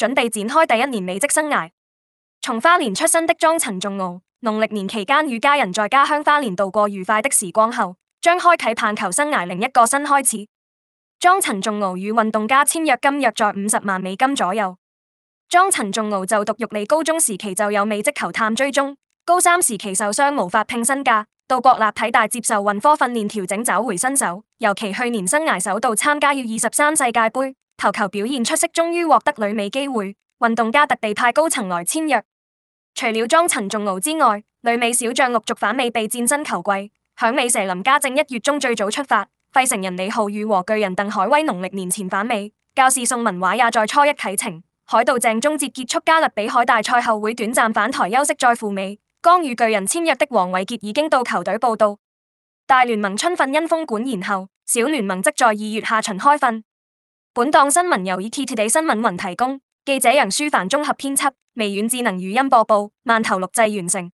準備展開第一年美職生涯。從花蓮出身的莊陳仲敖，農曆年期間與家人在家鄉花蓮度過愉快的時光後，將開啟棒球生涯另一個新開始。莊陳仲敖與運動家簽約金約在五十萬美金左右。莊陳仲敖就讀玉里高中時期就有美職球探追蹤，高三時期受傷無法拼身價，到國立體大接受運科訓練調整，找回身手。尤其去年生涯首度參加要二十三世界杯。球球表現出色，終於獲得旅美機會。運動家特地派高層來簽約。除了莊陳仲敖之外，旅美小將陸續返美備戰新球季。響美蛇林家正一月中最早出發，費城人李浩宇和巨人鄧海威農曆年前返美。教士宋文華也在初一啟程。海盜鄭宗哲結束加勒比海大賽後會短暫返台休息再赴美。剛與巨人簽約的王偉杰已經到球隊報到。大聯盟春訓因風管延後，小聯盟則在二月下旬開訓。本檔新聞由 ETtoday 新聞雲提供，記者楊舒凡綜合編輯，微軟智能語音播報，饅頭錄製完成。